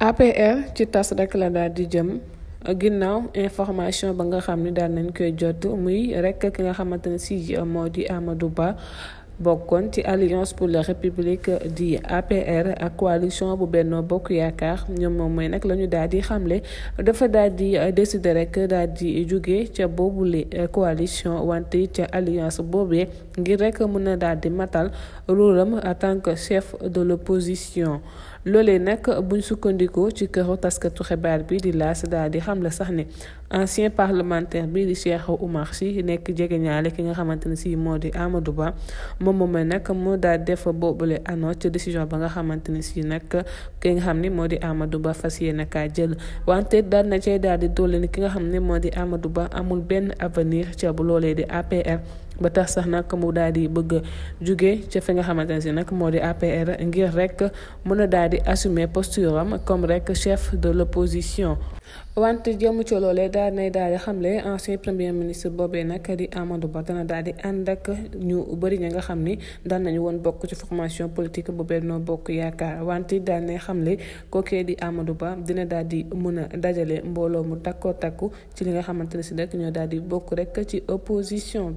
APR ci tas rek la daal di jëm ginnaaw information ba nga xam ni daal nañ koy jot muy rek ki nga xamante ne si moo di Amadou Ba bokkoon ci alliance pour la république di APR ak coalition bu Benno Bokk Yaakaar ñoom moom mooy nag la ñu daal di xamle dafa daal di décider rek daal di jóge ca boobule coalition wante ca alliance boobee ngir rek mën a daal di matal rôle am en tant que chef de l'opposition loolee nag buñ sukkandiku ci këru taskatu xibaar bii di laas daal di xam la sax ne ancien parlementaire bii di Cheikh Oumar Sy nekk jege ñaale ki nga xamante ne si moo di Amadou Ba moom moomee nag moo daal def boobule annonce ci décision ba nga xamante ne si nag ki nga xam ni moo di Amadou Ba fas yéene kaa jël wante daal na cay daal di dolli ni ki nga xam ne moo di Amadou Ba amul benn avenir ca bu loolee di APR. ba tax sax nag mu daal di bëgg jóge ca fi nga xamante ne si nag moo di APR ngir rek mën a daal di assumer posture am comme rek chef de l'opposition wante jëmu ci loolee daal nay daal di xamle ancien premier ministre boobee nag di Amadou Ba dana daal di ànd ak ñu bëri ña nga xam ni daan nañu woon bokk ci formation politique bu noo Bokk Yaakaar wante daal nay xamle kookee di Amadou Ba dina daal di mën a dajale mbooloo mu takkoo takku ci li nga xamante ne si nag ñoo daal di bokk rek ci opposition bi.